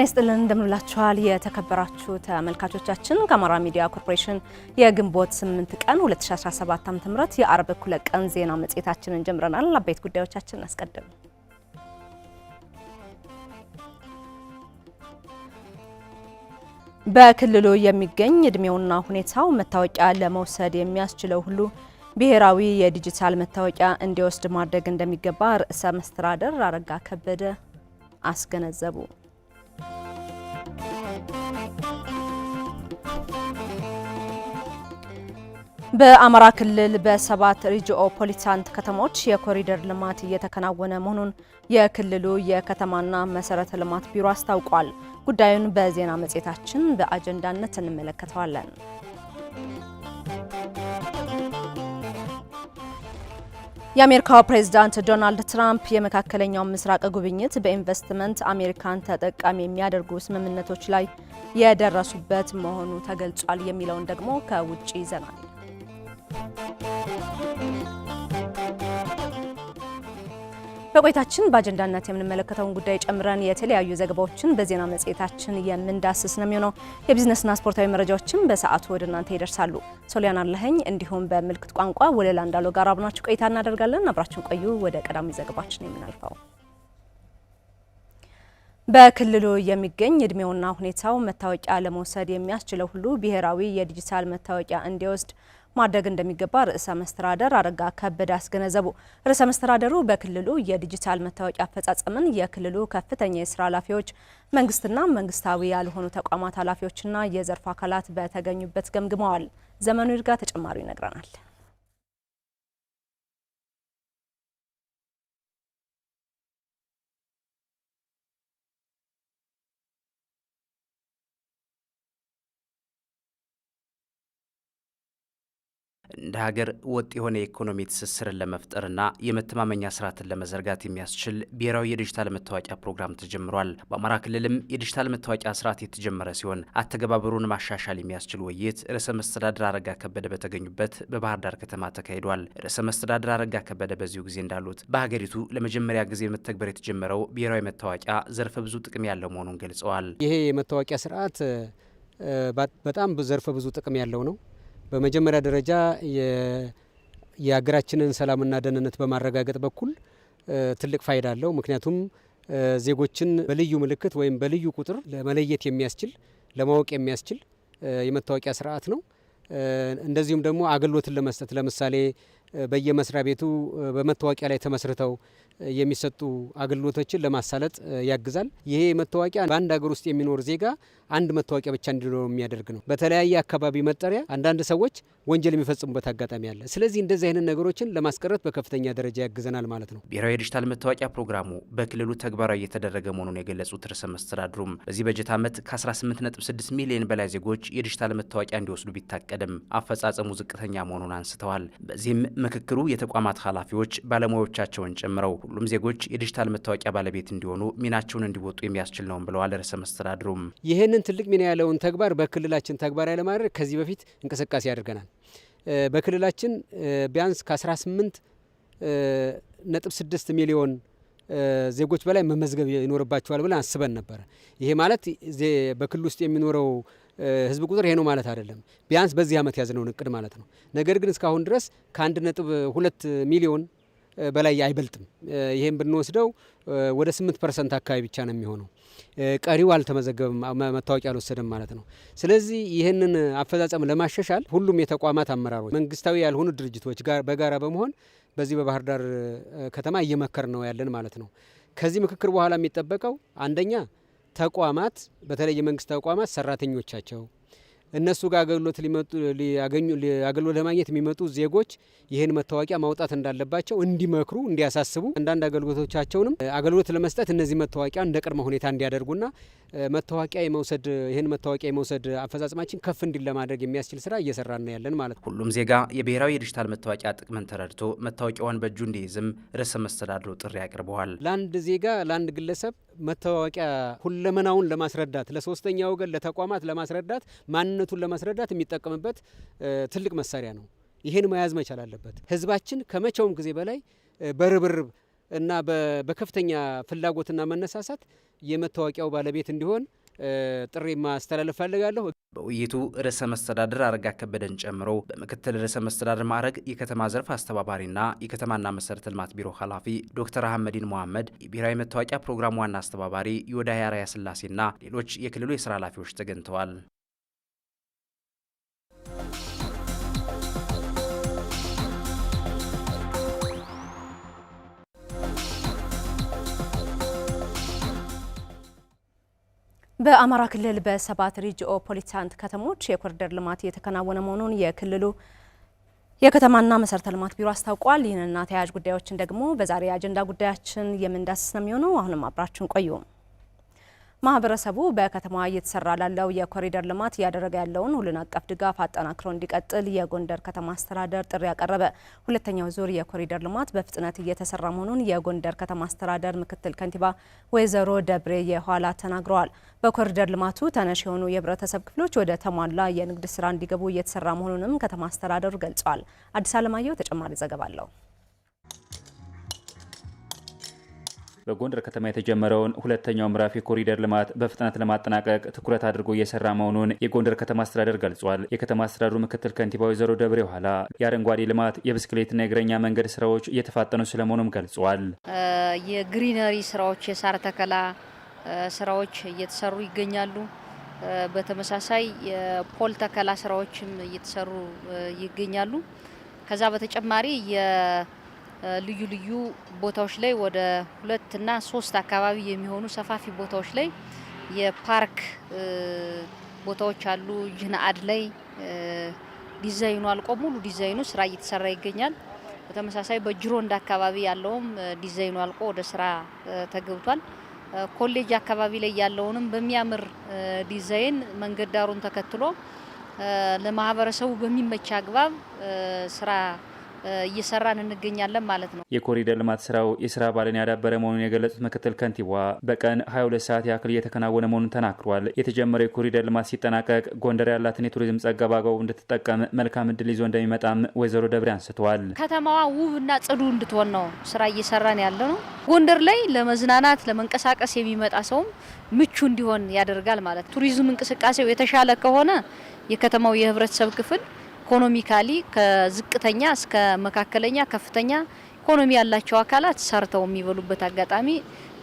ጤና ይስጥልን እንደምንላችኋል የተከበራችሁ ተመልካቾቻችን ከአማራ ሚዲያ ኮርፖሬሽን የግንቦት 8 ቀን 2017 ም የአርብ እኩለ ቀን ዜና መጽሔታችንን ጀምረናል። አበይት ጉዳዮቻችን አስቀድም በክልሉ የሚገኝ እድሜውና ሁኔታው መታወቂያ ለመውሰድ የሚያስችለው ሁሉ ብሔራዊ የዲጂታል መታወቂያ እንዲወስድ ማድረግ እንደሚገባ ርዕሰ መስተዳደር አረጋ ከበደ አስገነዘቡ። በአማራ ክልል በሰባት ሪጂኦ ፖሊታንት ከተሞች የኮሪደር ልማት እየተከናወነ መሆኑን የክልሉ የከተማና መሰረተ ልማት ቢሮ አስታውቋል። ጉዳዩን በዜና መጽሔታችን በአጀንዳነት እንመለከተዋለን። የአሜሪካው ፕሬዝዳንት ዶናልድ ትራምፕ የመካከለኛው ምስራቅ ጉብኝት በኢንቨስትመንት አሜሪካን ተጠቃሚ የሚያደርጉ ስምምነቶች ላይ የደረሱበት መሆኑ ተገልጿል። የሚለውን ደግሞ ከውጭ ይዘናል። በቆይታችን በአጀንዳነት የምንመለከተውን ጉዳይ ጨምረን የተለያዩ ዘገባዎችን በዜና መጽሔታችን የምንዳስስ ነው የሚሆነው። የቢዝነስና ስፖርታዊ መረጃዎችን በሰዓቱ ወደ እናንተ ይደርሳሉ። ሶሊያና አለኸኝ እንዲሁም በምልክት ቋንቋ ወለላ እንዳሎ ጋር አብናችሁ ቆይታ እናደርጋለን። አብራችን ቆዩ። ወደ ቀዳሚ ዘገባችን የምናልፈው በክልሉ የሚገኝ እድሜውና ሁኔታው መታወቂያ ለመውሰድ የሚያስችለው ሁሉ ብሔራዊ የዲጂታል መታወቂያ እንዲወስድ ማድረግ እንደሚገባ ርዕሰ መስተዳደር አረጋ ከበደ አስገነዘቡ። ርዕሰ መስተዳደሩ በክልሉ የዲጂታል መታወቂያ አፈጻጸምን የክልሉ ከፍተኛ የስራ ኃላፊዎች፣ መንግስትና መንግስታዊ ያልሆኑ ተቋማት ኃላፊዎችና የዘርፉ አካላት በተገኙበት ገምግመዋል። ዘመኑ ይርጋ ተጨማሪ ይነግረናል። እንደ ሀገር ወጥ የሆነ የኢኮኖሚ ትስስርን ለመፍጠርና የመተማመኛ ስርዓትን ለመዘርጋት የሚያስችል ብሔራዊ የዲጂታል መታወቂያ ፕሮግራም ተጀምሯል። በአማራ ክልልም የዲጂታል መታወቂያ ስርዓት የተጀመረ ሲሆን አተገባበሩን ማሻሻል የሚያስችል ውይይት ርዕሰ መስተዳድር አረጋ ከበደ በተገኙበት በባህር ዳር ከተማ ተካሂዷል። ርዕሰ መስተዳድር አረጋ ከበደ በዚሁ ጊዜ እንዳሉት በሀገሪቱ ለመጀመሪያ ጊዜ መተግበር የተጀመረው ብሔራዊ መታወቂያ ዘርፈ ብዙ ጥቅም ያለው መሆኑን ገልጸዋል። ይሄ የመታወቂያ ስርዓት በጣም ዘርፈ ብዙ ጥቅም ያለው ነው። በመጀመሪያ ደረጃ የሀገራችንን ሰላምና ደህንነት በማረጋገጥ በኩል ትልቅ ፋይዳ አለው። ምክንያቱም ዜጎችን በልዩ ምልክት ወይም በልዩ ቁጥር ለመለየት የሚያስችል ለማወቅ የሚያስችል የመታወቂያ ስርዓት ነው። እንደዚሁም ደግሞ አገልግሎትን ለመስጠት ለምሳሌ በየመስሪያ ቤቱ በመታወቂያ ላይ ተመስርተው የሚሰጡ አገልግሎቶችን ለማሳለጥ ያግዛል። ይሄ መታወቂያ በአንድ ሀገር ውስጥ የሚኖር ዜጋ አንድ መታወቂያ ብቻ እንዲኖረው የሚያደርግ ነው። በተለያየ አካባቢ መጠሪያ አንዳንድ ሰዎች ወንጀል የሚፈጽሙበት አጋጣሚ አለ። ስለዚህ እንደዚህ አይነት ነገሮችን ለማስቀረት በከፍተኛ ደረጃ ያግዘናል ማለት ነው። ብሔራዊ የዲጂታል መታወቂያ ፕሮግራሙ በክልሉ ተግባራዊ እየተደረገ መሆኑን የገለጹት ርዕሰ መስተዳድሩም በዚህ በጀት ዓመት ከ18.6 ሚሊዮን በላይ ዜጎች የዲጂታል መታወቂያ እንዲወስዱ ቢታቀድም አፈጻጸሙ ዝቅተኛ መሆኑን አንስተዋል። በዚህም ምክክሩ የተቋማት ኃላፊዎች ባለሙያዎቻቸውን ጨምረው ሁሉም ዜጎች የዲጂታል መታወቂያ ባለቤት እንዲሆኑ ሚናቸውን እንዲወጡ የሚያስችል ነውም ብለዋል ርዕሰ መስተዳድሩም። ይህንን ትልቅ ሚና ያለውን ተግባር በክልላችን ተግባራዊ ለማድረግ ከዚህ በፊት እንቅስቃሴ አድርገናል። በክልላችን ቢያንስ ከ18 ነጥብ 6 ሚሊዮን ዜጎች በላይ መመዝገብ ይኖርባቸዋል ብለን አስበን ነበረ። ይሄ ማለት በክልል ውስጥ የሚኖረው ህዝብ ቁጥር ይሄ ነው ማለት አይደለም። ቢያንስ በዚህ ዓመት ያዝነውን እቅድ ማለት ነው። ነገር ግን እስካሁን ድረስ ከአንድ ነጥብ ሁለት ሚሊዮን በላይ አይበልጥም። ይሄን ብንወስደው ወደ ስምንት ፐርሰንት አካባቢ ብቻ ነው የሚሆነው። ቀሪው አልተመዘገበም፣ መታወቂያ አልወሰደም ማለት ነው። ስለዚህ ይህንን አፈጻጸም ለማሻሻል ሁሉም የተቋማት አመራሮች፣ መንግስታዊ ያልሆኑ ድርጅቶች ጋር በጋራ በመሆን በዚህ በባህር ዳር ከተማ እየመከር ነው ያለን ማለት ነው። ከዚህ ምክክር በኋላ የሚጠበቀው አንደኛ ተቋማት በተለይ የመንግስት ተቋማት ሰራተኞቻቸው እነሱ ጋር አገልግሎት ሊመጡ ሊያገኙ አገልግሎት ለማግኘት የሚመጡ ዜጎች ይህን መታወቂያ ማውጣት እንዳለባቸው እንዲመክሩ፣ እንዲያሳስቡ አንዳንድ አገልግሎቶቻቸውንም አገልግሎት ለመስጠት እነዚህ መታወቂያ እንደ ቅድመ ሁኔታ እንዲያደርጉና መታወቂያ የመውሰድ ይህን መታወቂያ የመውሰድ አፈጻጽማችን ከፍ እንዲል ለማድረግ የሚያስችል ስራ እየሰራ ነው ያለን ማለት ነው። ሁሉም ዜጋ የብሔራዊ የዲጂታል መታወቂያ ጥቅምን ተረድቶ መታወቂያውን በእጁ እንዲይዝም ርዕሰ መስተዳድሩ ጥሪ አቅርበዋል። ለአንድ ዜጋ ለአንድ ግለሰብ መታወቂያ ሁለመናውን ለማስረዳት ለሶስተኛ ወገን ለተቋማት ለማስረዳት ማንነቱን ለማስረዳት የሚጠቀምበት ትልቅ መሳሪያ ነው። ይህን መያዝ መቻል አለበት። ህዝባችን ከመቼውም ጊዜ በላይ በርብርብ እና በከፍተኛ ፍላጎትና መነሳሳት የመታወቂያው ባለቤት እንዲሆን ጥሪ ማስተላለፍ ፈልጋለሁ። በውይይቱ ርዕሰ መስተዳድር አረጋ ከበደን ጨምሮ በምክትል ርዕሰ መስተዳድር ማዕረግ የከተማ ዘርፍ አስተባባሪና የከተማና መሰረተ ልማት ቢሮ ኃላፊ ዶክተር አህመዲን መሐመድ፣ የብሔራዊ መታወቂያ ፕሮግራም ዋና አስተባባሪ የወዳይ ያራያ ስላሴና ሌሎች የክልሉ የስራ ኃላፊዎች ተገኝተዋል። በአማራ ክልል በሰባት ሪጂኦ ፖሊታንት ከተሞች የኮሪደር ልማት እየተከናወነ መሆኑን የክልሉ የከተማና መሰረተ ልማት ቢሮ አስታውቋል። ይህንና ተያያዥ ጉዳዮችን ደግሞ በዛሬ የአጀንዳ ጉዳያችን የምንዳስስ ነው የሚሆነው። አሁንም አብራችሁን ቆዩ። ማህበረሰቡ በከተማዋ እየተሰራ ላለው የኮሪደር ልማት እያደረገ ያለውን ሁሉን አቀፍ ድጋፍ አጠናክሮ እንዲቀጥል የጎንደር ከተማ አስተዳደር ጥሪ ያቀረበ። ሁለተኛው ዙር የኮሪደር ልማት በፍጥነት እየተሰራ መሆኑን የጎንደር ከተማ አስተዳደር ምክትል ከንቲባ ወይዘሮ ደብሬ የኋላ ተናግረዋል። በኮሪደር ልማቱ ተነሽ የሆኑ የህብረተሰብ ክፍሎች ወደ ተሟላ የንግድ ስራ እንዲገቡ እየተሰራ መሆኑንም ከተማ አስተዳደሩ ገልጸዋል። አዲስ አለማየሁ ተጨማሪ ዘገባ አለው። በጎንደር ከተማ የተጀመረውን ሁለተኛው ምዕራፍ የኮሪደር ልማት በፍጥነት ለማጠናቀቅ ትኩረት አድርጎ እየሰራ መሆኑን የጎንደር ከተማ አስተዳደር ገልጿል። የከተማ አስተዳደሩ ምክትል ከንቲባ ወይዘሮ ደብሬ ኋላ የአረንጓዴ ልማት የብስክሌትና የእግረኛ መንገድ ስራዎች እየተፋጠኑ ስለመሆኑም ገልጿል። የግሪነሪ ስራዎች፣ የሳር ተከላ ስራዎች እየተሰሩ ይገኛሉ። በተመሳሳይ የፖል ተከላ ስራዎችም እየተሰሩ ይገኛሉ። ከዛ በተጨማሪ ልዩ ልዩ ቦታዎች ላይ ወደ ሁለት እና ሶስት አካባቢ የሚሆኑ ሰፋፊ ቦታዎች ላይ የፓርክ ቦታዎች አሉ። ጅንአድ ላይ ዲዛይኑ አልቆ ሙሉ ዲዛይኑ ስራ እየተሰራ ይገኛል። በተመሳሳይ በጅሮንድ አካባቢ ያለውም ዲዛይኑ አልቆ ወደ ስራ ተገብቷል። ኮሌጅ አካባቢ ላይ ያለውንም በሚያምር ዲዛይን መንገድ ዳሩን ተከትሎ ለማህበረሰቡ በሚመች አግባብ ስራ እየሰራን እንገኛለን ማለት ነው። የኮሪደር ልማት ስራው የስራ ባህልን ያዳበረ መሆኑን የገለጹት ምክትል ከንቲባ በቀን 22 ሰዓት ያክል እየተከናወነ መሆኑን ተናግሯል። የተጀመረው የኮሪደር ልማት ሲጠናቀቅ ጎንደር ያላትን የቱሪዝም ጸጋ በአግባቡ እንድትጠቀም መልካም እድል ይዞ እንደሚመጣም ወይዘሮ ደብሬ አንስተዋል። ከተማዋ ውብና ጽዱ እንድትሆን ነው ስራ እየሰራን ያለ ነው። ጎንደር ላይ ለመዝናናት ለመንቀሳቀስ የሚመጣ ሰውም ምቹ እንዲሆን ያደርጋል ማለት ቱሪዝም እንቅስቃሴው የተሻለ ከሆነ የከተማው የህብረተሰብ ክፍል ኢኮኖሚካሊ ከዝቅተኛ እስከ መካከለኛ ከፍተኛ ኢኮኖሚ ያላቸው አካላት ሰርተው የሚበሉበት አጋጣሚ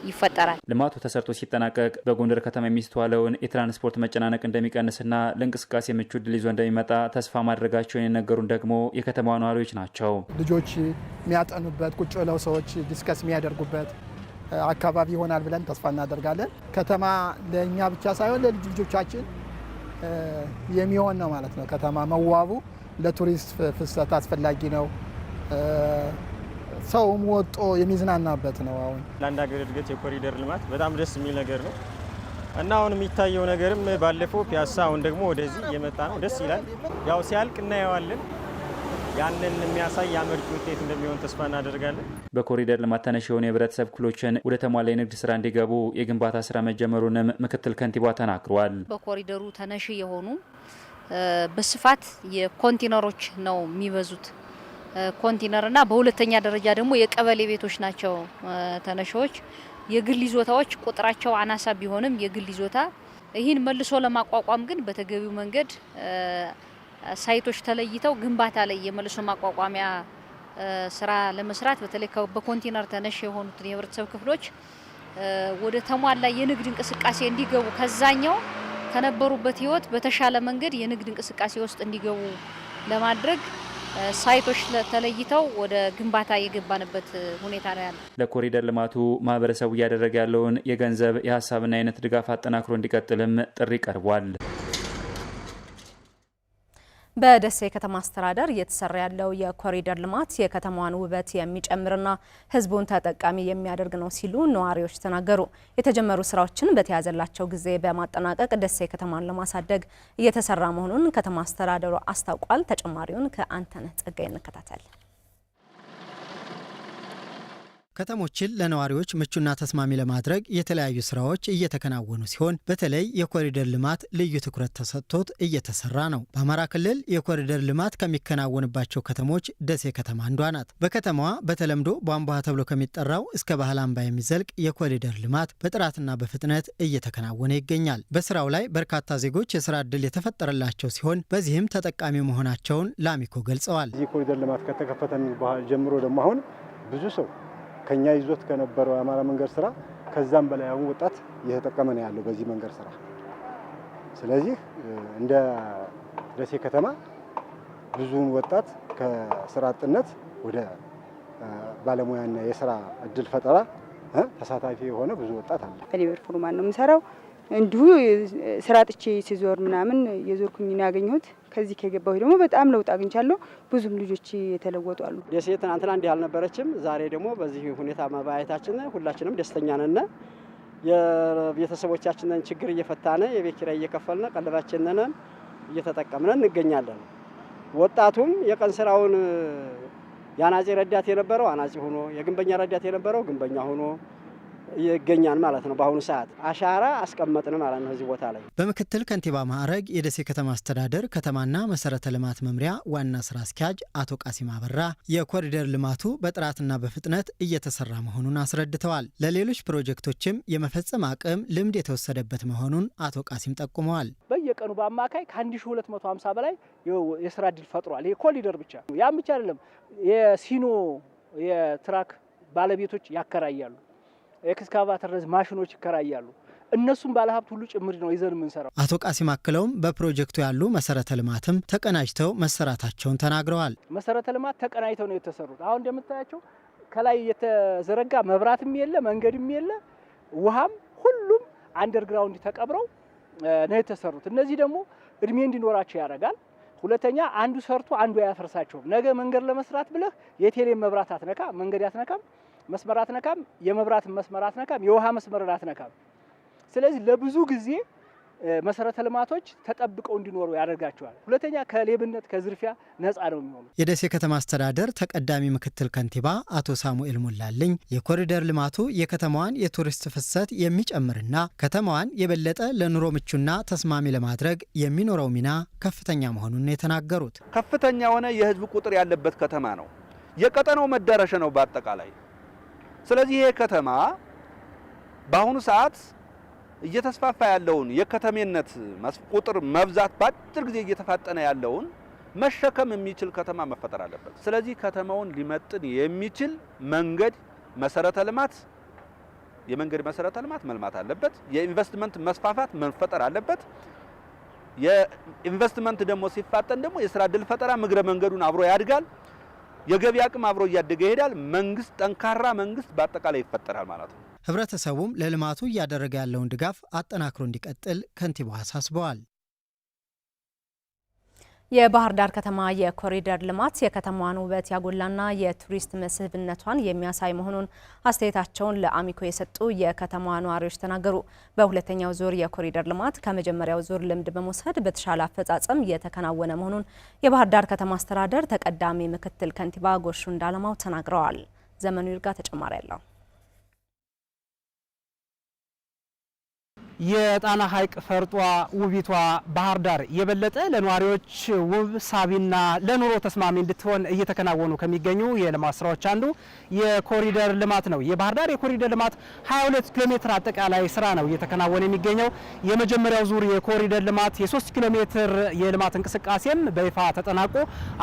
ይፈጠራል። ልማቱ ተሰርቶ ሲጠናቀቅ በጎንደር ከተማ የሚስተዋለውን የትራንስፖርት መጨናነቅ እንደሚቀንስና ለእንቅስቃሴ ምቹ ድል ይዞ እንደሚመጣ ተስፋ ማድረጋቸውን የነገሩን ደግሞ የከተማዋ ነዋሪዎች ናቸው። ልጆች የሚያጠኑበት ቁጭ ብለው ሰዎች ዲስከስ የሚያደርጉበት አካባቢ ይሆናል ብለን ተስፋ እናደርጋለን። ከተማ ለእኛ ብቻ ሳይሆን ለልጅ ልጆቻችን የሚሆን ነው ማለት ነው። ከተማ መዋቡ ለቱሪስት ፍሰት አስፈላጊ ነው። ሰውም ወጦ የሚዝናናበት ነው። አሁን ለአንድ ሀገር እድገት የኮሪደር ልማት በጣም ደስ የሚል ነገር ነው እና አሁን የሚታየው ነገርም ባለፈው ፒያሳ፣ አሁን ደግሞ ወደዚህ እየመጣ ነው። ደስ ይላል። ያው ሲያልቅ እናየዋለን። ያንን የሚያሳይ የአመርቂ ውጤት እንደሚሆን ተስፋ እናደርጋለን። በኮሪደር ልማት ተነሽ የሆኑ የህብረተሰብ ክፍሎችን ወደ ተሟላ የንግድ ስራ እንዲገቡ የግንባታ ስራ መጀመሩንም ምክትል ከንቲባ ተናግሯል። በኮሪደሩ ተነሽ የሆኑ በስፋት የኮንቲነሮች ነው የሚበዙት። ኮንቲነር እና በሁለተኛ ደረጃ ደግሞ የቀበሌ ቤቶች ናቸው ተነሻዎች። የግል ይዞታዎች ቁጥራቸው አናሳ ቢሆንም የግል ይዞታ ይህን መልሶ ለማቋቋም ግን በተገቢው መንገድ ሳይቶች ተለይተው ግንባታ ላይ የመልሶ ማቋቋሚያ ስራ ለመስራት በተለይ በኮንቲነር ተነሽ የሆኑትን የህብረተሰብ ክፍሎች ወደ ተሟላ የንግድ እንቅስቃሴ እንዲገቡ ከዛኛው ከነበሩበት ህይወት በተሻለ መንገድ የንግድ እንቅስቃሴ ውስጥ እንዲገቡ ለማድረግ ሳይቶች ተለይተው ወደ ግንባታ የገባንበት ሁኔታ ነው ያለ። ለኮሪደር ልማቱ ማህበረሰቡ እያደረገ ያለውን የገንዘብ የሀሳብና አይነት ድጋፍ አጠናክሮ እንዲቀጥልም ጥሪ ቀርቧል። በደሴ ከተማ አስተዳደር እየተሰራ ያለው የኮሪደር ልማት የከተማዋን ውበት የሚጨምርና ሕዝቡን ተጠቃሚ የሚያደርግ ነው ሲሉ ነዋሪዎች ተናገሩ። የተጀመሩ ስራዎችን በተያዘላቸው ጊዜ በማጠናቀቅ ደሴ ከተማን ለማሳደግ እየተሰራ መሆኑን ከተማ አስተዳደሩ አስታውቋል። ተጨማሪውን ከአንተነህ ጸጋይ እንከታተል። ከተሞችን ለነዋሪዎች ምቹና ተስማሚ ለማድረግ የተለያዩ ስራዎች እየተከናወኑ ሲሆን በተለይ የኮሪደር ልማት ልዩ ትኩረት ተሰጥቶት እየተሰራ ነው። በአማራ ክልል የኮሪደር ልማት ከሚከናወንባቸው ከተሞች ደሴ ከተማ አንዷ ናት። በከተማዋ በተለምዶ ቧንቧ ተብሎ ከሚጠራው እስከ ባህል አምባ የሚዘልቅ የኮሪደር ልማት በጥራትና በፍጥነት እየተከናወነ ይገኛል። በስራው ላይ በርካታ ዜጎች የስራ እድል የተፈጠረላቸው ሲሆን በዚህም ተጠቃሚ መሆናቸውን ላሚኮ ገልጸዋል። ኮሪደር ልማት ከተከፈተን ጀምሮ ደግሞ አሁን ብዙ ሰው ከኛ ይዞት ከነበረው የአማራ መንገድ ስራ ከዛም በላይ አሁን ወጣት እየተጠቀመ ነው ያለው በዚህ መንገድ ስራ። ስለዚህ እንደ ደሴ ከተማ ብዙውን ወጣት ከስራ አጥነት ወደ ባለሙያና የስራ እድል ፈጠራ ተሳታፊ የሆነ ብዙ ወጣት አለ። ሊቨርፑል ማን ነው የምሰራው እንዲሁ ስራ ጥቼ ሲዞር ምናምን የዞርኩኝ ነው ያገኘሁት። ከዚህ ከገባሁ ደግሞ በጣም ለውጥ አግኝቻለሁ። ብዙም ልጆች የተለወጡ አሉ። ደሴ ትናንትና እንዲህ አልነበረችም። ዛሬ ደግሞ በዚህ ሁኔታ መባየታችን ሁላችንም ደስተኛ ነን። የቤተሰቦቻችንን ችግር እየፈታነ የቤት ኪራይ እየከፈልነ ቀለባችንን እየተጠቀምነ እንገኛለን። ወጣቱም የቀን ስራውን የአናጺ ረዳት የነበረው አናጺ ሆኖ፣ የግንበኛ ረዳት የነበረው ግንበኛ ሆኖ ይገኛል ማለት ነው። በአሁኑ ሰዓት አሻራ አስቀመጥን ማለት ነው እዚህ ቦታ ላይ። በምክትል ከንቲባ ማዕረግ የደሴ ከተማ አስተዳደር ከተማና መሰረተ ልማት መምሪያ ዋና ስራ አስኪያጅ አቶ ቃሲም አበራ የኮሪደር ልማቱ በጥራትና በፍጥነት እየተሰራ መሆኑን አስረድተዋል። ለሌሎች ፕሮጀክቶችም የመፈጸም አቅም ልምድ የተወሰደበት መሆኑን አቶ ቃሲም ጠቁመዋል። በየቀኑ በአማካይ ከ1250 በላይ የስራ እድል ፈጥሯል። ይሄ ኮሪደር ብቻ ያም ብቻ አይደለም። የሲኖ የትራክ ባለቤቶች ያከራያሉ ኤክስካቫተርስ ማሽኖች ይከራያሉ። እነሱም ባለሀብት ሁሉ ጭምር ነው ይዘን የምንሰራው። አቶ ቃሲም አክለውም በፕሮጀክቱ ያሉ መሰረተ ልማትም ተቀናጅተው መሰራታቸውን ተናግረዋል። መሰረተ ልማት ተቀናጅተው ነው የተሰሩት። አሁን እንደምታያቸው ከላይ የተዘረጋ መብራትም የለ መንገድም የለ ውሃም፣ ሁሉም አንደርግራውንድ ተቀብረው ነው የተሰሩት። እነዚህ ደግሞ እድሜ እንዲኖራቸው ያደርጋል። ሁለተኛ አንዱ ሰርቶ አንዱ አያፈርሳቸውም። ነገ መንገድ ለመስራት ብለህ የቴሌ መብራት አትነካ መንገድ አትነካም። መስመር አትነካም፣ የመብራት መስመር አትነካም፣ የውሃ መስመር አትነካም። ስለዚህ ለብዙ ጊዜ መሰረተ ልማቶች ተጠብቀው እንዲኖሩ ያደርጋቸዋል። ሁለተኛ ከሌብነት ከዝርፊያ ነጻ ነው የሚሆኑ። የደሴ ከተማ አስተዳደር ተቀዳሚ ምክትል ከንቲባ አቶ ሳሙኤል ሞላልኝ የኮሪደር ልማቱ የከተማዋን የቱሪስት ፍሰት የሚጨምርና ከተማዋን የበለጠ ለኑሮ ምቹና ተስማሚ ለማድረግ የሚኖረው ሚና ከፍተኛ መሆኑን የተናገሩት ከፍተኛ የሆነ የህዝብ ቁጥር ያለበት ከተማ ነው፣ የቀጠናው መዳረሻ ነው። በአጠቃላይ ስለዚህ ይሄ ከተማ በአሁኑ ሰዓት እየተስፋፋ ያለውን የከተሜነት ቁጥር መብዛት በአጭር ጊዜ እየተፋጠነ ያለውን መሸከም የሚችል ከተማ መፈጠር አለበት። ስለዚህ ከተማውን ሊመጥን የሚችል መንገድ መሰረተ ልማት የመንገድ መሰረተ ልማት መልማት አለበት። የኢንቨስትመንት መስፋፋት መፈጠር አለበት። የኢንቨስትመንት ደግሞ ሲፋጠን ደግሞ የስራ እድል ፈጠራ ምግረ መንገዱን አብሮ ያድጋል። የገቢ አቅም አብሮ እያደገ ይሄዳል። መንግስት ጠንካራ መንግስት በአጠቃላይ ይፈጠራል ማለት ነው። ህብረተሰቡም ለልማቱ እያደረገ ያለውን ድጋፍ አጠናክሮ እንዲቀጥል ከንቲባው አሳስበዋል። የባህር ዳር ከተማ የኮሪደር ልማት የከተማዋን ውበት ያጎላና የቱሪስት መስህብነቷን የሚያሳይ መሆኑን አስተያየታቸውን ለአሚኮ የሰጡ የከተማዋ ነዋሪዎች ተናገሩ። በሁለተኛው ዙር የኮሪደር ልማት ከመጀመሪያው ዙር ልምድ በመውሰድ በተሻለ አፈጻጸም የተከናወነ መሆኑን የባህር ዳር ከተማ አስተዳደር ተቀዳሚ ምክትል ከንቲባ ጎሹ እንዳለማው ተናግረዋል። ዘመኑ ይርጋ ተጨማሪ ያለው የጣና ሐይቅ ፈርጧ ውቢቷ ባህር ዳር የበለጠ ለነዋሪዎች ውብ ሳቢና ለኑሮ ተስማሚ እንድትሆን እየተከናወኑ ከሚገኙ የልማት ስራዎች አንዱ የኮሪደር ልማት ነው። የባህር ዳር የኮሪደር ልማት 22 ኪሎ ሜትር አጠቃላይ ስራ ነው እየተከናወነ የሚገኘው። የመጀመሪያው ዙር የኮሪደር ልማት የ3 ኪሎ ሜትር የልማት እንቅስቃሴም በይፋ ተጠናቆ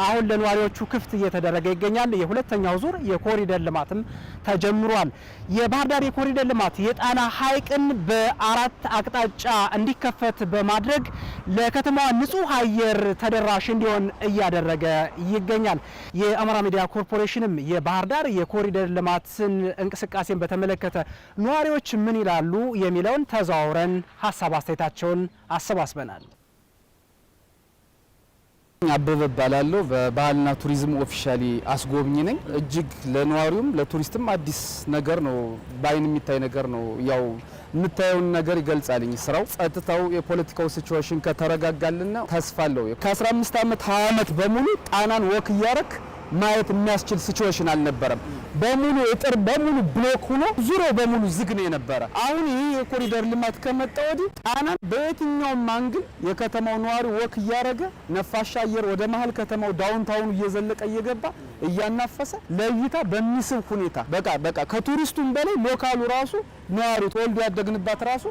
አሁን ለነዋሪዎቹ ክፍት እየተደረገ ይገኛል። የሁለተኛው ዙር የኮሪደር ልማትም ተጀምሯል። የባህር ዳር የኮሪደር ልማት የጣና ሐይቅን በአራት አቅጣጫ እንዲከፈት በማድረግ ለከተማዋ ንጹህ አየር ተደራሽ እንዲሆን እያደረገ ይገኛል። የአማራ ሚዲያ ኮርፖሬሽንም የባህር ዳር የኮሪደር ልማትን እንቅስቃሴን በተመለከተ ነዋሪዎች ምን ይላሉ የሚለውን ተዘዋውረን ሀሳብ አስተያየታቸውን አሰባስበናል። አበበ እባላለሁ። በባህልና ቱሪዝም ኦፊሻሊ አስጎብኝ ነኝ። እጅግ ለነዋሪውም ለቱሪስትም አዲስ ነገር ነው፣ በአይን የሚታይ ነገር ነው። ያው የምታየውን ነገር ይገልጻልኝ። ስራው ጸጥታው፣ የፖለቲካው ሲቹዌሽን ከተረጋጋልና ተስፋ አለው። ከ15 ዓመት 20 ዓመት በሙሉ ጣናን ወክ እያረክ ማየት የሚያስችል ሲቹዌሽን አልነበረም። በሙሉ እጥር በሙሉ ብሎክ ሆኖ ዙሪያው በሙሉ ዝግ ነው የነበረ። አሁን ይህ የኮሪደር ልማት ከመጣ ወዲህ ጣናን በየትኛውም አንግል የከተማው ነዋሪ ወክ እያደረገ ነፋሻ አየር ወደ መሀል ከተማው ዳውንታውኑ እየዘለቀ እየገባ እያናፈሰ ለእይታ በሚስብ ሁኔታ በቃ በቃ ከቱሪስቱም በላይ ሎካሉ ራሱ ነዋሪ ተወልዶ ያደግንባት ራሱ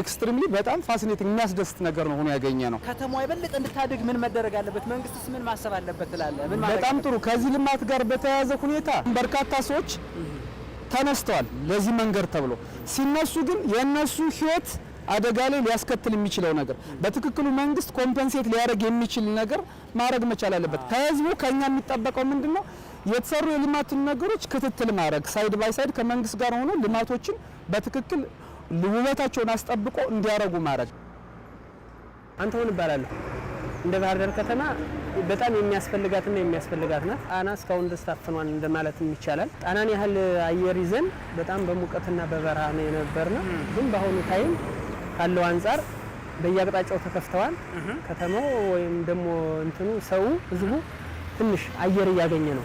ኤክስትሪምሊ በጣም ፋሲኔቲንግ የሚያስደስት ነገር ነው ሆኖ ያገኘ ነው። ከተማዋ የበለጠ እንድታድግ ምን መደረግ አለበት? መንግስትስ ምን ማሰብ አለበት ትላለህ? በጣም ጥሩ። ከዚህ ልማት ጋር በተያያዘ ሁኔታ በርካታ ሰዎች ተነስተዋል ለዚህ መንገድ ተብሎ ሲነሱ ግን የነሱ ህይወት አደጋ ላይ ሊያስከትል የሚችለው ነገር በትክክሉ መንግስት ኮምፐንሴት ሊያደርግ የሚችል ነገር ማድረግ መቻል አለበት። ከህዝቡ ከኛ የሚጠበቀው ምንድን ነው? የተሰሩ የልማት ነገሮች ክትትል ማድረግ ሳይድ ባይ ሳይድ ከመንግስት ጋር ሆኖ ልማቶችን በትክክል ውበታቸውን አስጠብቆ እንዲያረጉ ማድረግ። አንተሁን እባላለሁ። እንደ ባህር ዳር ከተማ በጣም የሚያስፈልጋትና የሚያስፈልጋት ናት። ጣና እስካሁን ድረስ ታፍኗን እንደማለትም ይቻላል። ጣናን ያህል አየር ይዘን በጣም በሙቀትና በበረሃ ነው የነበርነው። ግን በአሁኑ ታይም ካለው አንጻር በየአቅጣጫው ተከፍተዋል። ከተማው ወይም ደግሞ እንትኑ ሰው ህዝቡ ትንሽ አየር እያገኘ ነው።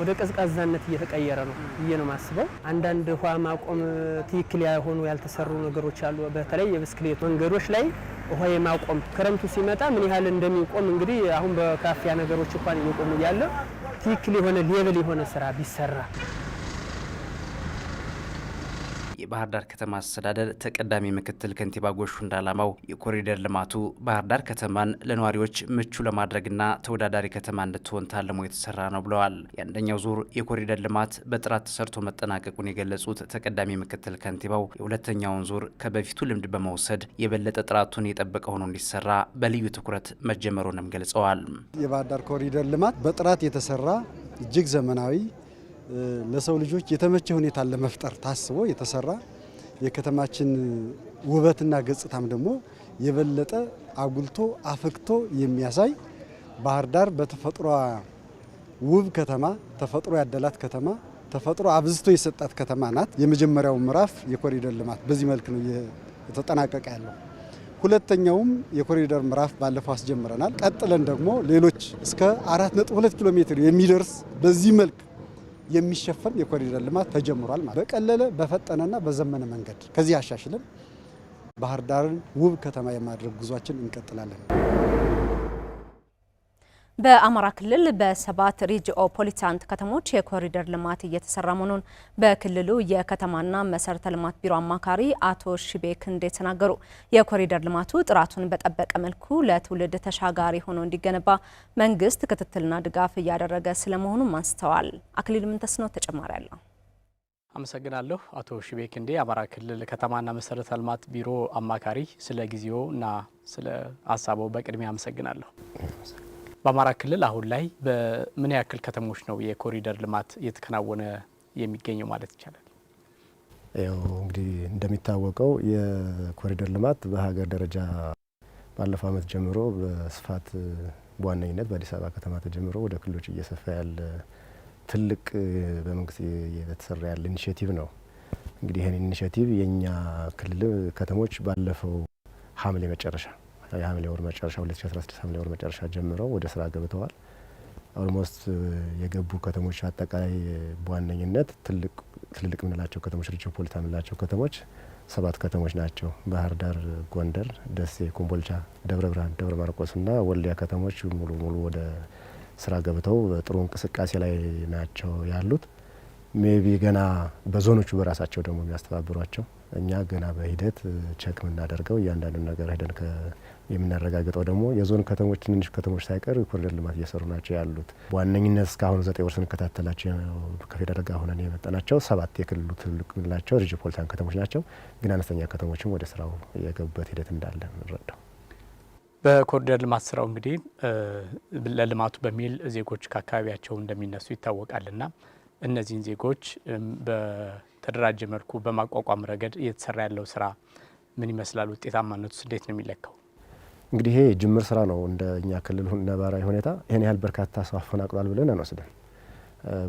ወደ ቀዝቃዛነት እየተቀየረ ነው ብዬ ነው ማስበው። አንዳንድ ውሃ ማቆም ትክክል ያልሆኑ ያልተሰሩ ነገሮች አሉ። በተለይ የብስክሌት መንገዶች ላይ ውሃ የማቆም ክረምቱ ሲመጣ ምን ያህል እንደሚቆም እንግዲህ አሁን በካፊያ ነገሮች እንኳን እየቆሙ እያለ ትክክል የሆነ ሌብል የሆነ ስራ ቢሰራ የባህር ዳር ከተማ አስተዳደር ተቀዳሚ ምክትል ከንቲባ ጎሹ እንዳላማው የኮሪደር ልማቱ ባህር ዳር ከተማን ለነዋሪዎች ምቹ ለማድረግና ተወዳዳሪ ከተማ እንድትሆን ታልሞ የተሰራ ነው ብለዋል። የአንደኛው ዙር የኮሪደር ልማት በጥራት ተሰርቶ መጠናቀቁን የገለጹት ተቀዳሚ ምክትል ከንቲባው የሁለተኛውን ዙር ከበፊቱ ልምድ በመውሰድ የበለጠ ጥራቱን የጠበቀ ሆኖ እንዲሰራ በልዩ ትኩረት መጀመሩንም ገልጸዋል። የባህር ዳር ኮሪደር ልማት በጥራት የተሰራ እጅግ ዘመናዊ ለሰው ልጆች የተመቸ ሁኔታ ለመፍጠር ታስቦ የተሰራ የከተማችን ውበትና ገጽታም ደግሞ የበለጠ አጉልቶ አፍክቶ የሚያሳይ ባህር ዳር በተፈጥሯ ውብ ከተማ፣ ተፈጥሮ ያደላት ከተማ፣ ተፈጥሮ አብዝቶ የሰጣት ከተማ ናት። የመጀመሪያው ምዕራፍ የኮሪደር ልማት በዚህ መልክ ነው የተጠናቀቀ ያለው። ሁለተኛውም የኮሪደር ምዕራፍ ባለፈው አስጀምረናል። ቀጥለን ደግሞ ሌሎች እስከ 4.2 ኪሎ ሜትር የሚደርስ በዚህ መልክ የሚሸፈን የኮሪደር ልማት ተጀምሯል። ማለት በቀለለ በፈጠነና በዘመነ መንገድ ከዚህ አሻሽለን ባህር ዳርን ውብ ከተማ የማድረግ ጉዟችን እንቀጥላለን። በአማራ ክልል በሰባት ሪጂኦ ፖሊታንት ከተሞች የኮሪደር ልማት እየተሰራ መሆኑን በክልሉ የከተማና መሰረተ ልማት ቢሮ አማካሪ አቶ ሺቤ ክንዴ ተናገሩ። የኮሪደር ልማቱ ጥራቱን በጠበቀ መልኩ ለትውልድ ተሻጋሪ ሆኖ እንዲገነባ መንግስት ክትትልና ድጋፍ እያደረገ ስለመሆኑም አንስተዋል። አክሊሉ ምንተስኖ ተጨማሪ አለው። አመሰግናለሁ አቶ ሺቤ ክንዴ። አማራ ክልል ከተማና መሰረተ ልማት ቢሮ አማካሪ፣ ስለ ጊዜው እና ስለ ሀሳቦ በቅድሚያ አመሰግናለሁ። በአማራ ክልል አሁን ላይ በምን ያክል ከተሞች ነው የኮሪደር ልማት እየተከናወነ የሚገኘው ማለት ይቻላል? ያው እንግዲህ እንደሚታወቀው የኮሪደር ልማት በሀገር ደረጃ ባለፈው ዓመት ጀምሮ በስፋት በዋነኝነት በአዲስ አበባ ከተማ ተጀምሮ ወደ ክልሎች እየሰፋ ያለ ትልቅ በመንግስት የተሰራ ያለ ኢኒሽቲቭ ነው። እንግዲህ ይህን ኢኒሽቲቭ የእኛ ክልል ከተሞች ባለፈው ሐምሌ መጨረሻ የሐምሌ ወር መጨረሻ 2016 ሐምሌ ወር መጨረሻ ጀምረው ወደ ስራ ገብተዋል። ኦልሞስት የገቡ ከተሞች አጠቃላይ በዋነኝነት ትልቅ ትልልቅ የምንላቸው ከተሞች ሜትሮፖሊታን የምንላቸው ከተሞች ሰባት ከተሞች ናቸው። ባህር ዳር፣ ጎንደር፣ ደሴ፣ ኮምቦልቻ፣ ደብረ ብርሃን፣ ደብረ ማርቆስና ወልዲያ ከተሞች ሙሉ ሙሉ ወደ ስራ ገብተው ጥሩ እንቅስቃሴ ላይ ናቸው ያሉት። ሜቢ ገና በዞኖቹ በራሳቸው ደግሞ የሚያስተባብሯቸው እኛ ገና በሂደት ቸክ የምናደርገው እያንዳንዱ ነገር ሄደን የምናረጋግጠው ደግሞ የዞን ከተሞች ትንንሽ ከተሞች ሳይቀር ኮሪደር ልማት እየሰሩ ናቸው ያሉት። በዋነኝነት እስካሁን ዘጠኝ ወር ስንከታተላቸው ከፌደራል ጋር ሆነን የመጣናቸው ሰባት የክልሉ ትልቅ ምንላቸው ከተሞች ናቸው። ግን አነስተኛ ከተሞችም ወደ ስራው የገቡበት ሂደት እንዳለ እንረዳው። በኮሪደር ልማት ስራው እንግዲህ ለልማቱ በሚል ዜጎች ከአካባቢያቸው እንደሚነሱ ይታወቃልና እነዚህን ዜጎች በተደራጀ መልኩ በማቋቋም ረገድ እየተሰራ ያለው ስራ ምን ይመስላል? ውጤታማነቱ እንዴት ነው የሚለካው? እንግዲህ ይሄ ጅምር ስራ ነው። እንደ እኛ ክልል ነባራዊ ሁኔታ ይህን ያህል በርካታ ሰው አፈናቅሏል ብለን አንወስድም።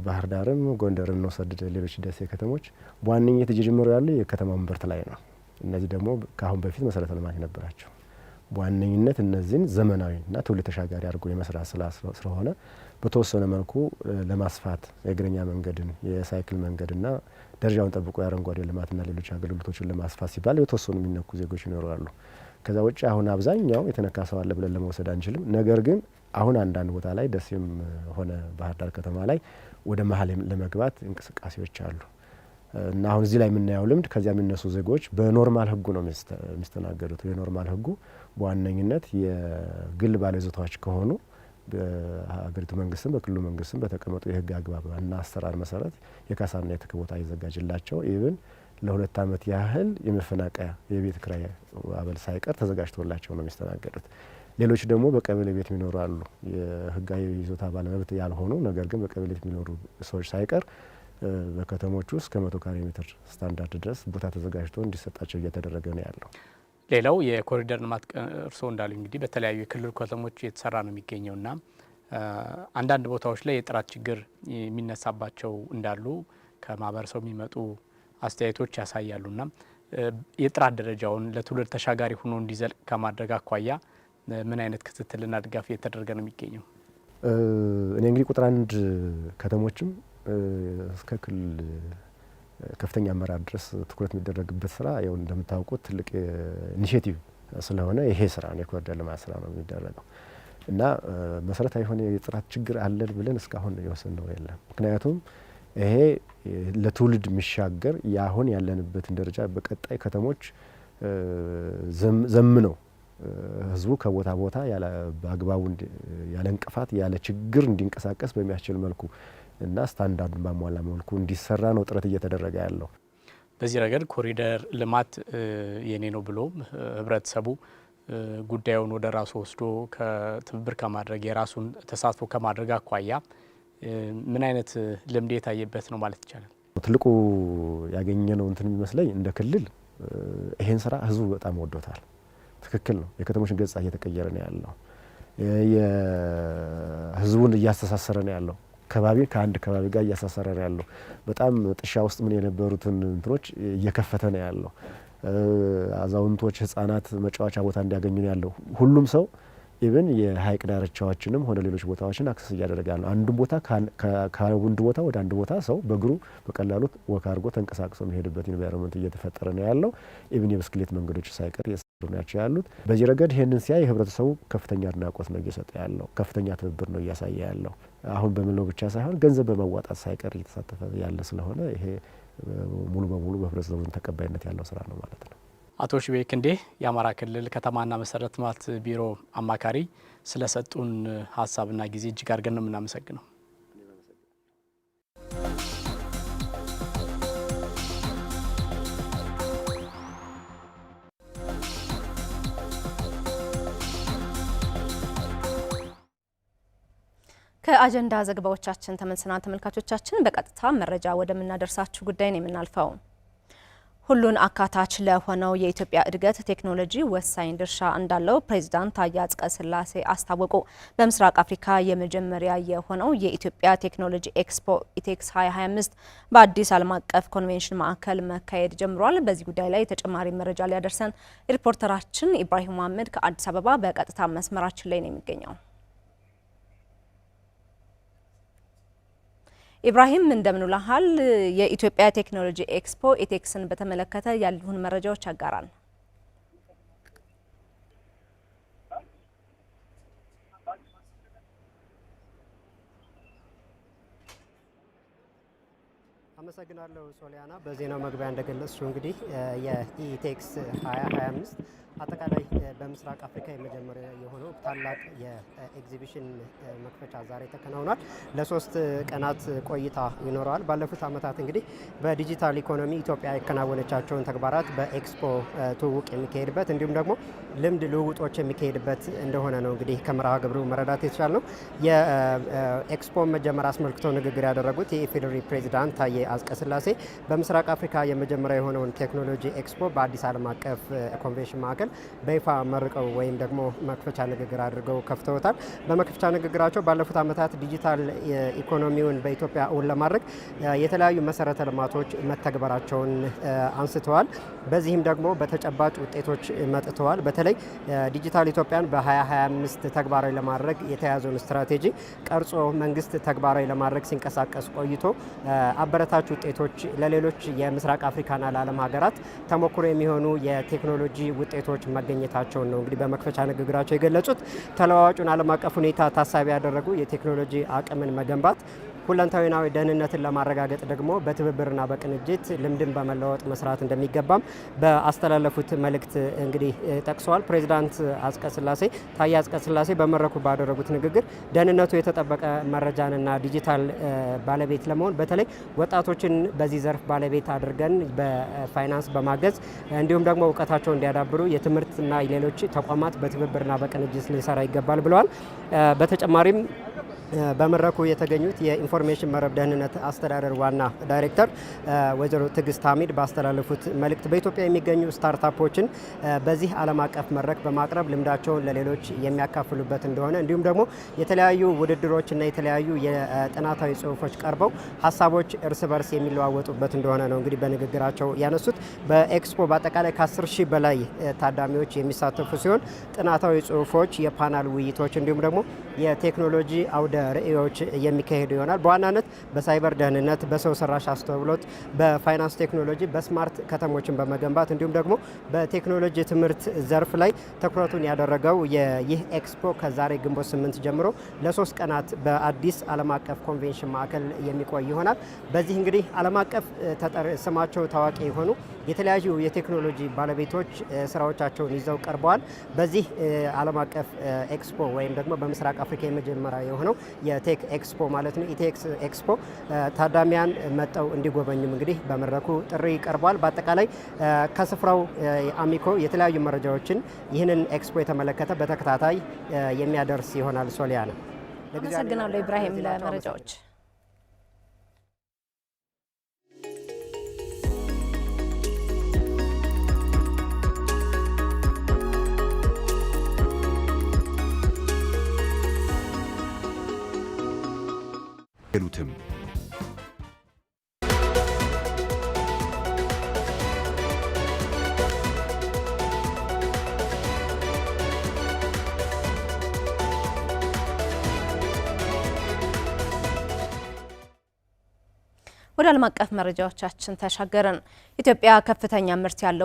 ባህር ዳርም ጎንደርም እንወሰድ፣ ሌሎች ደሴ ከተሞች በዋነኝነት እየጀመሩ ያለ የከተማ ምርት ላይ ነው። እነዚህ ደግሞ ከአሁን በፊት መሰረተ ልማት የነበራቸው በዋነኝነት እነዚህን ዘመናዊና ትውልድ ተሻጋሪ አድርጎ የመስራት ስራ ስለሆነ በተወሰነ መልኩ ለማስፋት የእግረኛ መንገድን የሳይክል መንገድና ደረጃውን ጠብቆ የአረንጓዴ ልማትና ሌሎች አገልግሎቶችን ለማስፋት ሲባል የተወሰኑ የሚነኩ ዜጎች ይኖራሉ። ከዛ ውጭ አሁን አብዛኛው የተነካ ሰው አለ ብለን ለመውሰድ አንችልም። ነገር ግን አሁን አንዳንድ ቦታ ላይ ደሴም ሆነ ባህር ዳር ከተማ ላይ ወደ መሀል ለመግባት እንቅስቃሴዎች አሉ እና አሁን እዚህ ላይ የምናየው ልምድ ከዚያ የሚነሱ ዜጎች በኖርማል ህጉ ነው የሚስተናገዱት የኖርማል ህጉ በዋነኝነት የግል ባለይዞታዎች ከሆኑ በሀገሪቱ መንግስትም በክልሉ መንግስትም በተቀመጡ የህግ አግባብና አሰራር መሰረት የካሳና የትክ ቦታ ይዘጋጅላቸው ኢብን ለሁለት ዓመት ያህል የመፈናቀያ የቤት ክራይ አበል ሳይቀር ተዘጋጅቶላቸው ነው የሚስተናገዱት። ሌሎች ደግሞ በቀበሌ ቤት የሚኖሩ አሉ። የህጋዊ ይዞታ ባለመብት ያልሆኑ ነገር ግን በቀበሌ ቤት የሚኖሩ ሰዎች ሳይቀር በከተሞች ውስጥ ከመቶ ካሬ ሜትር ስታንዳርድ ድረስ ቦታ ተዘጋጅቶ እንዲሰጣቸው እየተደረገ ነው ያለው። ሌላው የኮሪደር ልማት እርስዎ እንዳሉ እንግዲህ በተለያዩ የክልል ከተሞች የተሰራ ነው የሚገኘው ና አንዳንድ ቦታዎች ላይ የጥራት ችግር የሚነሳባቸው እንዳሉ ከማህበረሰቡ የሚመጡ አስተያየቶች ያሳያሉ ና የጥራት ደረጃውን ለትውልድ ተሻጋሪ ሆኖ እንዲዘልቅ ከማድረግ አኳያ ምን አይነት ክትትልና ድጋፍ እየተደረገ ነው የሚገኘው? እኔ እንግዲህ ቁጥር አንድ ከተሞችም እስከ ክልል ከፍተኛ አመራር ድረስ ትኩረት የሚደረግበት ስራ ያው እንደምታውቁት ትልቅ ኢኒሽቲቭ ስለሆነ ይሄ ስራ ነው የኮሪደር ልማት ስራ ነው የሚደረገው እና መሰረታዊ የሆነ የጥራት ችግር አለን ብለን እስካሁን የወሰን ነው የለም። ምክንያቱም ይሄ ለትውልድ የሚሻገር የአሁን ያለንበትን ደረጃ በቀጣይ ከተሞች ዘምነው ህዝቡ ከቦታ ቦታ በአግባቡ ያለ እንቅፋት ያለ ችግር እንዲንቀሳቀስ በሚያስችል መልኩ እና ስታንዳርዱን ባሟላ መልኩ እንዲሰራ ነው ጥረት እየተደረገ ያለው። በዚህ ረገድ ኮሪደር ልማት የኔ ነው ብሎ ህብረተሰቡ ጉዳዩን ወደ ራሱ ወስዶ ከትብብር ከማድረግ የራሱን ተሳትፎ ከማድረግ አኳያ ምን አይነት ልምድ የታየበት ነው ማለት ይቻላል? ትልቁ ያገኘ ነው እንትን የሚመስለኝ እንደ ክልል ይሄን ስራ ህዝቡ በጣም ወዶታል። ትክክል ነው። የከተሞችን ገጽታ እየተቀየረ ነው ያለው። ህዝቡን እያስተሳሰረ ነው ያለው። ከባቢ ከአንድ ከባቢ ጋር እያሳሰረ ነው ያለው። በጣም ጥሻ ውስጥ ምን የነበሩትን እንትኖች እየከፈተ ነው ያለው። አዛውንቶች፣ ህጻናት መጫወቻ ቦታ እንዲያገኙ ነው ያለው። ሁሉም ሰው ኢቭን የሀይቅ ዳርቻዎችንም ሆነ ሌሎች ቦታዎችን አክሰስ እያደረገ ነው። አንዱ ቦታ ከአንድ ቦታ ወደ አንድ ቦታ ሰው በእግሩ በቀላሉ ወክ አድርጎ ተንቀሳቅሶ የሚሄድበት ኢንቫይሮንመንት እየተፈጠረ ነው ያለው። ኢቭን የብስክሌት መንገዶች ሳይቀር እየሰሩ ናቸው ያሉት። በዚህ ረገድ ይህንን ሲያይ የህብረተሰቡ ከፍተኛ አድናቆት ነው እየሰጠ ያለው። ከፍተኛ ትብብር ነው እያሳየ ያለው። አሁን በምለው ብቻ ሳይሆን ገንዘብ በማዋጣት ሳይቀር እየተሳተፈ ያለ ስለሆነ ይሄ ሙሉ በሙሉ በህብረተሰቡን ተቀባይነት ያለው ስራ ነው ማለት ነው። አቶ ሽቤክ እንዴ የአማራ ክልል ከተማና መሰረተ ልማት ቢሮ አማካሪ ስለሰጡን ሀሳብና ጊዜ እጅግ አድርገን ነው የምናመሰግነው። ከአጀንዳ ዘገባዎቻችን ተመልሰናል ተመልካቾቻችን። በቀጥታ መረጃ ወደምናደርሳችሁ ጉዳይ ነው የምናልፈው። ሁሉን አካታች ለሆነው የኢትዮጵያ እድገት ቴክኖሎጂ ወሳኝ ድርሻ እንዳለው ፕሬዚዳንት ታዬ አጽቀሥላሴ አስታወቁ። በምስራቅ አፍሪካ የመጀመሪያ የሆነው የኢትዮጵያ ቴክኖሎጂ ኤክስፖ ኢቴክስ 2025 በአዲስ ዓለም አቀፍ ኮንቬንሽን ማዕከል መካሄድ ጀምሯል። በዚህ ጉዳይ ላይ ተጨማሪ መረጃ ሊያደርሰን ሪፖርተራችን ኢብራሂም መሀመድ ከአዲስ አበባ በቀጥታ መስመራችን ላይ ነው የሚገኘው። ኢብራሂም እንደምንላሃል። የኢትዮጵያ ቴክኖሎጂ ኤክስፖ ኢቴክስን በተመለከተ ያሉን መረጃዎች አጋራን። አመሰግናለሁ ሶሊያና። በዜናው መግቢያ እንደገለጽሽው እንግዲህ የኢቴክስ 2025 አጠቃላይ በምስራቅ አፍሪካ የመጀመሪያ የሆነው ታላቅ የኤግዚቢሽን መክፈቻ ዛሬ ተከናውኗል። ለሶስት ቀናት ቆይታ ይኖረዋል። ባለፉት ዓመታት እንግዲህ በዲጂታል ኢኮኖሚ ኢትዮጵያ የከናወነቻቸውን ተግባራት በኤክስፖ ትውውቅ የሚካሄድበት እንዲሁም ደግሞ ልምድ ልውውጦች የሚካሄድበት እንደሆነ ነው እንግዲህ ከመርሃ ግብሩ መረዳት ነው። የኤክስፖ መጀመር አስመልክቶ ንግግር ያደረጉት የኢፌዴሪ ፕሬዚዳንት ታዬ አጽቀሥላሴ በምስራቅ አፍሪካ የመጀመሪያ የሆነውን ቴክኖሎጂ ኤክስፖ በአዲስ ዓለም አቀፍ ኮንቬንሽን ማዕከል መካከል በይፋ መርቀው ወይም ደግሞ መክፈቻ ንግግር አድርገው ከፍተውታል። በመክፈቻ ንግግራቸው ባለፉት ዓመታት ዲጂታል ኢኮኖሚውን በኢትዮጵያ እውን ለማድረግ የተለያዩ መሰረተ ልማቶች መተግበራቸውን አንስተዋል። በዚህም ደግሞ በተጨባጭ ውጤቶች መጥተዋል። በተለይ ዲጂታል ኢትዮጵያን በ2025 ተግባራዊ ለማድረግ የተያዘውን ስትራቴጂ ቀርጾ መንግስት ተግባራዊ ለማድረግ ሲንቀሳቀስ ቆይቶ አበረታች ውጤቶች ለሌሎች የምስራቅ አፍሪካና ለዓለም ሀገራት ተሞክሮ የሚሆኑ የቴክኖሎጂ ውጤቶች ተጫዋቾች መገኘታቸውን ነው እንግዲህ በመክፈቻ ንግግራቸው የገለጹት። ተለዋዋጩን ዓለም አቀፍ ሁኔታ ታሳቢ ያደረጉ የቴክኖሎጂ አቅምን መገንባት ሁለንታዊናዊ ደህንነትን ለማረጋገጥ ደግሞ በትብብርና በቅንጅት ልምድን በመለወጥ መስራት እንደሚገባም በአስተላለፉት መልእክት እንግዲህ ጠቅሰዋል። ፕሬዚዳንት አጽቀሥላሴ ታዬ አጽቀሥላሴ በመድረኩ ባደረጉት ንግግር ደህንነቱ የተጠበቀ መረጃንና ዲጂታል ባለቤት ለመሆን በተለይ ወጣቶችን በዚህ ዘርፍ ባለቤት አድርገን በፋይናንስ በማገዝ እንዲሁም ደግሞ እውቀታቸው እንዲያዳብሩ የትምህርትና ሌሎች ተቋማት በትብብርና በቅንጅት ልንሰራ ይገባል ብለዋል። በተጨማሪም በመድረኩ የተገኙት የኢንፎርሜሽን መረብ ደህንነት አስተዳደር ዋና ዳይሬክተር ወይዘሮ ትዕግስት ሀሚድ ባስተላለፉት መልእክት በኢትዮጵያ የሚገኙ ስታርታፖችን በዚህ ዓለም አቀፍ መድረክ በማቅረብ ልምዳቸውን ለሌሎች የሚያካፍሉበት እንደሆነ እንዲሁም ደግሞ የተለያዩ ውድድሮችና የተለያዩ የጥናታዊ ጽሁፎች ቀርበው ሀሳቦች እርስ በርስ የሚለዋወጡበት እንደሆነ ነው እንግዲህ በንግግራቸው ያነሱት። በኤክስፖ በአጠቃላይ ከ10 ሺህ በላይ ታዳሚዎች የሚሳተፉ ሲሆን ጥናታዊ ጽሁፎች፣ የፓናል ውይይቶች እንዲሁም ደግሞ የቴክኖሎጂ አውደ ርዕዮች የሚካሄዱ ይሆናል። በዋናነት በሳይበር ደህንነት፣ በሰው ሰራሽ አስተውሎት፣ በፋይናንስ ቴክኖሎጂ፣ በስማርት ከተሞችን በመገንባት እንዲሁም ደግሞ በቴክኖሎጂ ትምህርት ዘርፍ ላይ ትኩረቱን ያደረገው ይህ ኤክስፖ ከዛሬ ግንቦት ስምንት ጀምሮ ለሶስት ቀናት በአዲስ ዓለም አቀፍ ኮንቬንሽን ማዕከል የሚቆይ ይሆናል። በዚህ እንግዲህ ዓለም አቀፍ ስማቸው ታዋቂ የሆኑ የተለያዩ የቴክኖሎጂ ባለቤቶች ስራዎቻቸውን ይዘው ቀርበዋል። በዚህ ዓለም አቀፍ ኤክስፖ ወይም ደግሞ በምስራቅ አፍሪካ የመጀመሪያ የሆነው የቴክ ኤክስፖ ማለት ነው ኢቴክስ ኤክስፖ ታዳሚያን መጠው እንዲጎበኙም እንግዲህ በመድረኩ ጥሪ ቀርቧል። በአጠቃላይ ከስፍራው አሚኮ የተለያዩ መረጃዎችን ይህንን ኤክስፖ የተመለከተ በተከታታይ የሚያደርስ ይሆናል። ነው። አመሰግናለሁ። ኢብራሂም ለመረጃዎች የሉትም። ወደ ዓለም አቀፍ መረጃዎቻችን ተሻገርን። ኢትዮጵያ ከፍተኛ ምርት ያለው